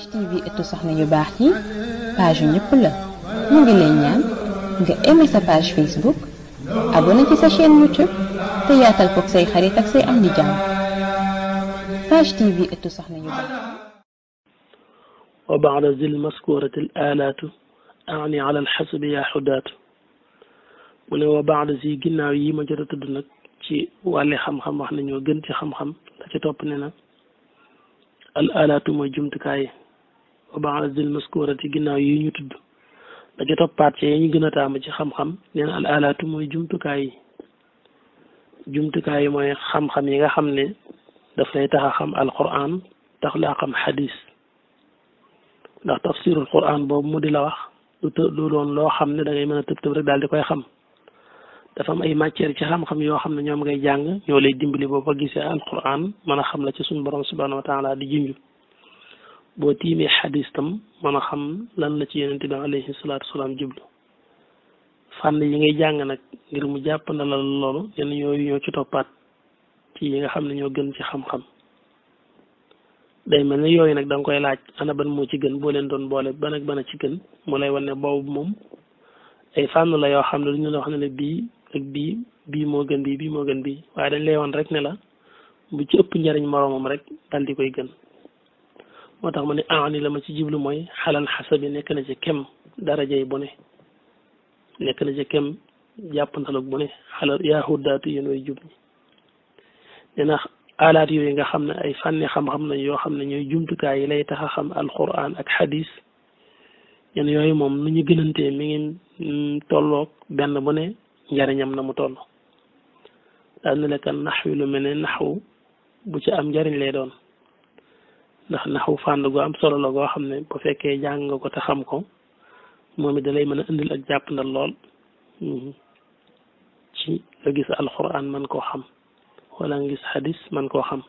Kossy TV ëttu soxna yu baax yi page yu ñëpp la mu ngi lay ñaan nga aimé sa page Facebook abonné ci sa chaîne YouTube te yaatal koog say xarit ak say am di jàmm page TV ëttu soxna yu baax wa ba'da zil maskurati al alaatu aani ala al xasbi yaa xudaatu mu ne wa ba'da si ginnaaw yi ma jot a tudd nag ci wàlli xam-xam wax nañoo gën ci xam-xam la ci topp ne na al alaatu mooy jumtukaay baadil maskurati ginnaaw yi ñu tudd da ca toppaat ci yi ñu gën a taamu ci xam-xam nee na mooy jumtukaay jumtukaay yi mooy xam-xam yi nga xam ne daf lay tax a xam alquran tax laa xam xadis ndax tafsirul quran boobu mu di la wax du të du doon loo xam ne da ngay mën a tëb tëb rek daal di koy xam dafa am ay matières ci xam-xam yoo xam ne ñoom ngay jàng ñoo lay dimbali boo ko gisee alquran mën a xam la ci suñu borom subhanahu wa taala di junju boo tiimee xadis tam mën a xam lan la ci yonente bi alayhi salaatu salaam jublu fànn yi ngay jàng nag ngir mu jàpp na la loolu yenn yooyu ñoo ci toppaat ci yi nga xam ne ñoo gën ci xam-xam day mel ni yooyu nag danga koy laaj ana ban moo ci gën boo leen doon boole ban ak ban a ci gën mu lay wan ne boobu moom ay fànn la yoo xam ne dañu la wax ne ne bii ak bii bii moo gën bii bii moo gën bii waaye dañ lay wan rek ne la bu ci ëpp njariñ moroomam rek dal di koy gën moo tax ma ne aani la ma ci jiblu mooy xalal xasabi nekk na ci kem darajay bu bone nekk na ci kem jàpp bu ne xalal yaahudaatu yéen way na alaat yooyu nga xam ne ay fànni xam-xam nañ yoo xam ne ñooy jumtukaay yi lay tax a xam alquran ak xadis ñen yooyu moom nu ñu gënantee mi ngi mm, tolloog benn bu ne njariñam na mu toll daal ne la naxwi lu mel ne naxwu bu ci am njariñ lay doon ndax naxu fànn gu am solo la goo xam ne boo fekkee jàng nga ko te xam ko moom it da lay mën a indil ak jàpp ndal lool mhm. ci man koo xam wala nga gis man koo xam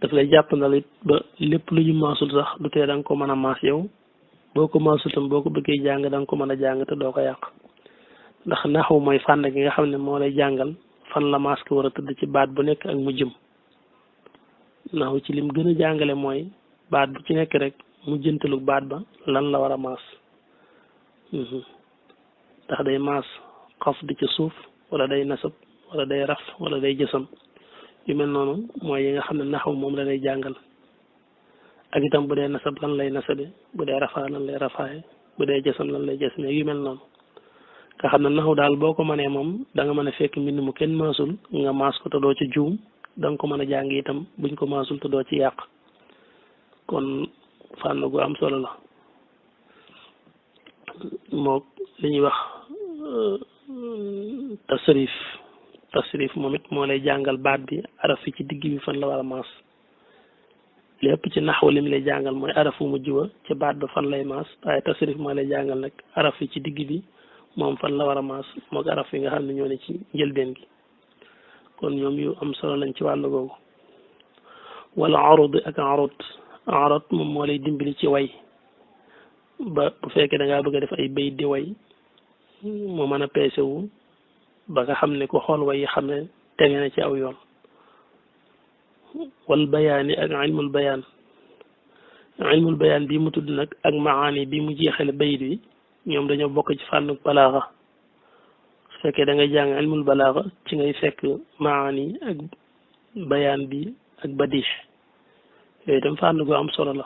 daf lay jàpp ndal it ba lépp lu ñu maasul sax du tee da nga ko mën a maas yow boo ko maasul tam boo ko bëggee jàng danga ko mën a jàng te doo ko yàq ndax naxu mooy fànn gi nga xam ne moo lay jàngal fan la maas ko war a tëdd ci baat bu nekk ak mu jëm naxu ci lim gën a jàngale mooy baat bu ci nekk rek mu jëntalu baat ba lan la war a maas mhm. ndax day maas xaf di ca suuf wala day nasab wala day raf wala day jësam yu mel noonu mooy yi nga xam ne naxaw moom la lay jàngal ak itam bu dee nasab lan lay nasabe bu dee rafaa lan lay rafaaye bu dee jësam lan lay jësame yu mel noonu nga xam ne naxaw daal boo ko mënee moom da nga mën a fekk mbind mu kenn maasul nga maas ko te doo ca juum da ko mën a jàng itam buñ ko maasul te ci yàq kon fànn gu am solo la moo li ñuy wax euh, tasrif tasrif moom it moo lay jàngal baat bi araf yi ci digg bi fan la war a maas lépp ci naxwa li mu lay jàngal mooy arafu mujj ba ci baat ba fan lay maas waaye tasrif moo lay jàngal nag araf yi ci digg bi moom fan la war a maas moo araf yi nga xam ne ñoo ne ci njëlbeen gi kon ñoom yu am solo lañ ci wàll googu wala bi ak arud arud moom moo lay dimbali ci way ba bu fekkee da bëgg a def ay bayit di way mu mën a peese wu ba nga xam ne ku xool way yi xam ne tege na ci aw yoon wal bayaani ak ilmul bayaan ilmul bayaan bii mu tudd nag ak maani bi mu jeexale bayit bi ñoom dañoo bokk ci fànn balaaxa su fekkee da ngay jàng ngay fekk maani ak bayaan bi ak badix yooyu itam fànn gu am solo la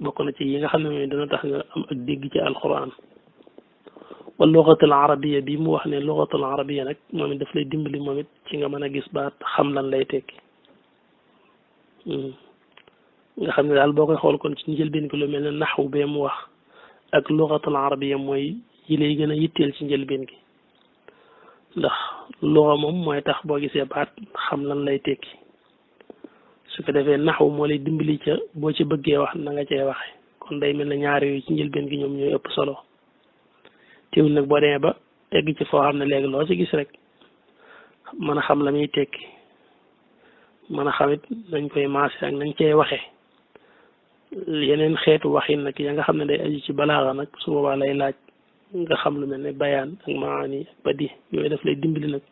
bokk na ci yi nga xam ne mooy dana tax nga am ak dégg ci alquran wal lugatul arabiya mu wax ne lugatul arabiya nag moom it daf lay dimbali moom it ci nga mën a gis baat xam lan lay tekki hmm. nga xam ne daal boo koy xool kon ci njëlbeen gi lu mel ne naxwu bee mu wax ak lugatul arabiya mooy yi lay gën a yitteel ci njëlbeen gi ndax luxa moom mooy tax boo gisee baat xam lan lay tekki su ko defee naxwu moo lay dimbali ca boo ci bëggee wax na nga cee waxe kon day mel na ñaar yooyu ci njëlbeen gi ñoom ñooy ëpp solo teewul nag boo demee ba egg ci foo xam ne léegi loo ci gis rek mën a xam la muy tekki mën a xamit nañ koy maase ak nañ cee waxe yeneen xeetu waxin nag ya nga xam ne day aju ci balaaxa nag su boobaa lay laaj nga xam lu melni bayan ak maani badi yoy daf lay dimbali nak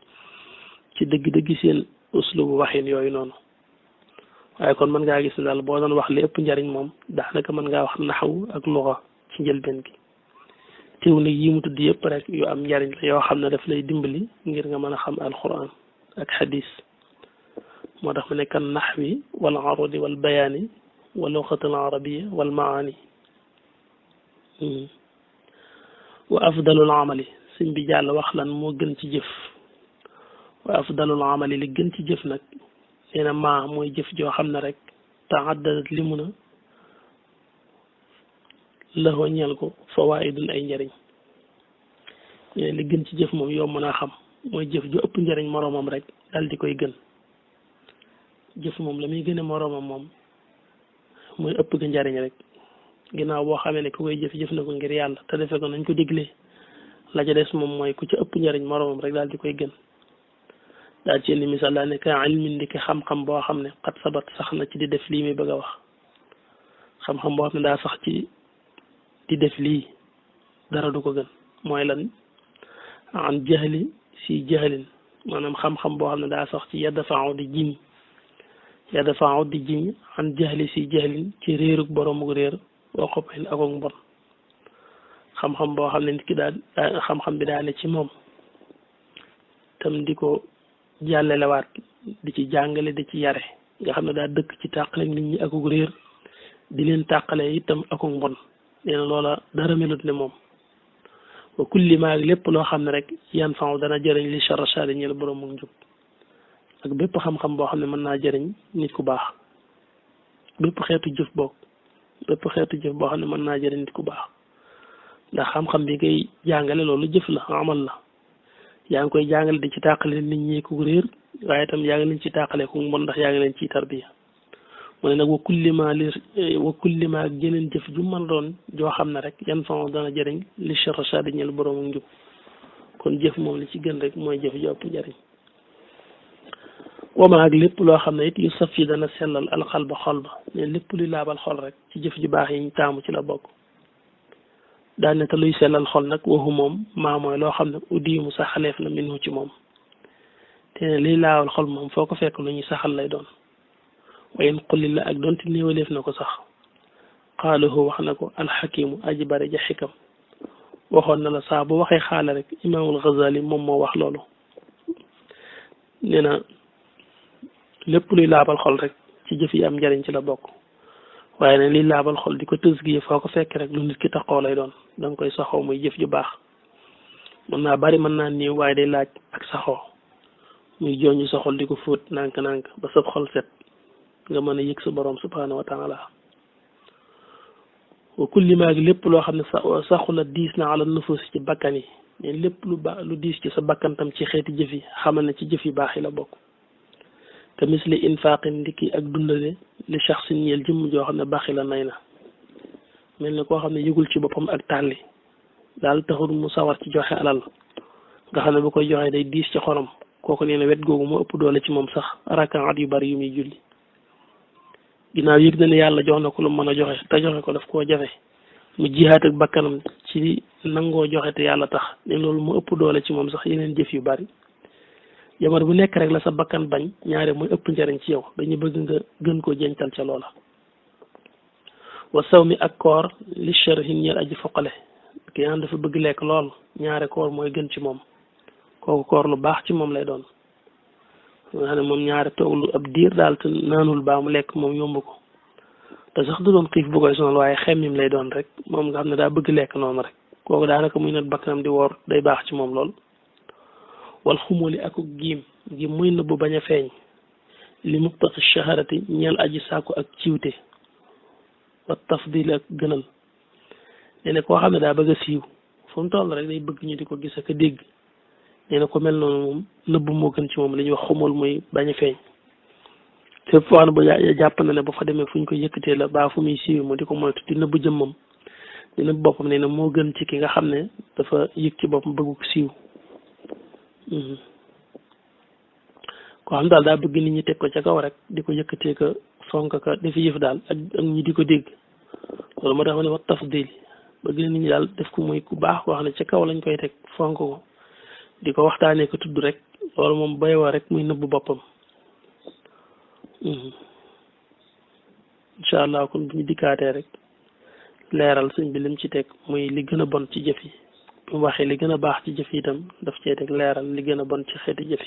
ci deug deug seen uslubu waxin yoy noonu waaye kon man nga gis dal bo don wax lepp njariñ mom da naka man nga wax nahwu ak lugha ci jël ben gi teew nag yi mu tuddi yëpp rek yu am njariñ yo xamne daf lay dimbali ngir nga mën a xam alquran ak hadith moo tax mu nekk nahwi wal arud wal bayaani wal lughati al arabiyya wal maani وأفضل العمل سين بيجال وخلا مو جن تجف وأفضل العمل اللي جن تجف نك لأن ما مو يجف جو خمنا رك تعددت لي لمنا له نيالكو فوائد الأنجرين يعني اللي جن تجف مو يوم منا خم مو يجف جو أبنجرين مرة ممرك دل دي كوي جن جف مو لمي جن مرة مم مو أبنجرين رك ginnaaw boo xamee ne ku koy jëf jëf na ko ngir yàlla te defee ko nañ ko diglee la ca des moom mooy ku ci ëpp njariñ moroomam rek daal di koy gën daal ci indi di boo xam ne xat sabat sax na ci di def lii muy bëgg a boo xam ne daa sax ci di def lii dara du ko gën mooy lan an jahli si jahlin maanaam xam-xam boo xam ne daa sax ci yadfa'u di jiñ yadfa'u di jiñ an jahli si jahlin ci réerug boroomu réer boo ko ak ak mbon xam-xam boo xam ne nit ki daa xam-xam bi daa ne ci moom tam di ko jàllalewaat di ci jàngale di ci yare nga xam ne daa dëkk ci tàqale nit ñi akuk réer di leen tàqale itam akuk mbon nee loola dara melut ne moom wa kulli maa lépp loo xam ne rek yan fanu dana jëriñ li charra chari ñeel borom mu njub ak bépp xam-xam boo xam ne mën naa jëriñ nit ku baax bépp xeetu jëf bokk bépp xeetu jëf boo xam ne mën naa jëriñ nit ku baax ndax xam-xam bi ngay jàngale loolu jëf na amal la yaa ngi koy jàngale di ci tàqale nit ñi ku réer waaye itam yaa ngi leen ci tàqale ku mbon ndax yaa ngi leen ciy tarbiya mu ne nag wa kullima li wa kullima ak jeneen jëf ju mën doon joo xam ne rek yan son dana jëriñ li chercha di ñel boroom njub kon jëf moom li ci gën rek mooy jëf ju ëpp wama ak lépp loo xam ne it yu saf yi dana sellal alxal ba xol ba ne lépp luy laabal xol rek ci jëf ju baax yi ñu taamu ci la bokk daan ne te luy sellal xol nag waxu moom maa mooy loo xam ne uddiimu saxaleef na minhu ci moom te ne liy laawal xol moom foo ko fekk lu ñuy saxal lay doon wayen xulli la ak donte néewaleef na ko sax xaaluhu wax na ko alxakimu aji bare ja xikam waxoon na la saa bu waxee xaala rek imaamul Ghazali moom moo wax loolu nee na lépp luy laabal xol rek ci jëf yi am njariñ ci la bokk waaye nag liy laabal xol di ko tës gi foo ko fekk rek lu nit ki taxoo lay doon da koy saxoo muy jëf ju baax mën naa bari mën naa néew waaye day laaj ak saxoo muy jooñu sa xol di ko fóot nànk-nànk ba sa xol set nga mën a yëg sa boroom subhaanahu wa taala wa kulli lépp loo xam ne sa saxu la diis na ala nufus ci bakkan yi lépp lu ba lu diis ci sa bakkantam ci xeeti jëf yi xamal ne ci jëf yu baax yi la bokk te misli infaqin ndikki ak dundale li shaxsin ñeel jëmm joo xam ne baxi la nay na mel ni koo xam ne yëgul ci boppam ak tàlli daal taxul mu sawar ci joxe alal nga xam ne bu koy joxe day diis ci xorom kooku nee na wet googu mu ëpp doole ci moom sax rakaat yu bari yu muy julli ginnaaw yëg na ne yàlla jox na ko lu mën a joxe te joxe ko daf koo jafe mu jihaat ak bakkanam ci nangoo joxe te yàlla tax ne loolu mu ëpp doole ci moom sax yeneen jëf yu bari jamono bu nekk rek la sa bakkan bañ ñaare mooy ëpp njariñ ci yow dañu bëgg nga gën koo jëntal ca loola wa saw mi ak koor li sharhin ñeel aji foqale ki nga xam bëgg lekk lool ñaare koor mooy gën ci moom kooku koor lu baax ci moom lay doon nga xam ne moom ñaare tooglu diir daal te naanul baa mu lekk moom yomb ko te sax du doon xiif bu koy sonal waaye xemmim lay doon rek moom nga xam ne daa bëgg lekk noonu rek kooku daanaka muy nat bakkanam di woor day baax ci moom lool wal li ak giim giim muy nëbb bañ a feeñ li muqtasi shaharati ñeel aji sàkku ak ciwte wa tafdil ak gënal nee koo xam ne daa bëgg a siiw fu mu toll rek day bëgg ñu di ko gis ak a dégg nee na ko mel noonu moom nëbb moo gën ci moom li ñuy wax xumóol muy bañ a feeñ fépp foo xam ne jàpp na ne bu fa demee fu ñu ko yëkkatee la baa fu muy siiwee mu di ko moytu di nëbb di nëbb boppam nee na moo gën ci ki nga xam ne dafa yëg ci boppam bëggu siiw Mhm. ko xam daal daa bëgg nit ñi teg ko ca kaw rek di ko yëkkatee ko fonk ka defi yëf daal ak ñi di ko dégg loolu moo tax ma ne wax tafdil bëgg nit ñi daal def ko muy ku baax koo xam ne ca kaw lañ koy teg fonk ko di ko waxtaanee ko tudd rek loolu moom bay waa rek muy nëbb boppam mhm. incha allah kon bu ñu dikkaatee rek leeral sëñ bi lim ci teg muy li gën a bon ci jëf yi waxi li gën a baax ci jëf daf cee teg leeral li gën a bon ci xeeti jëf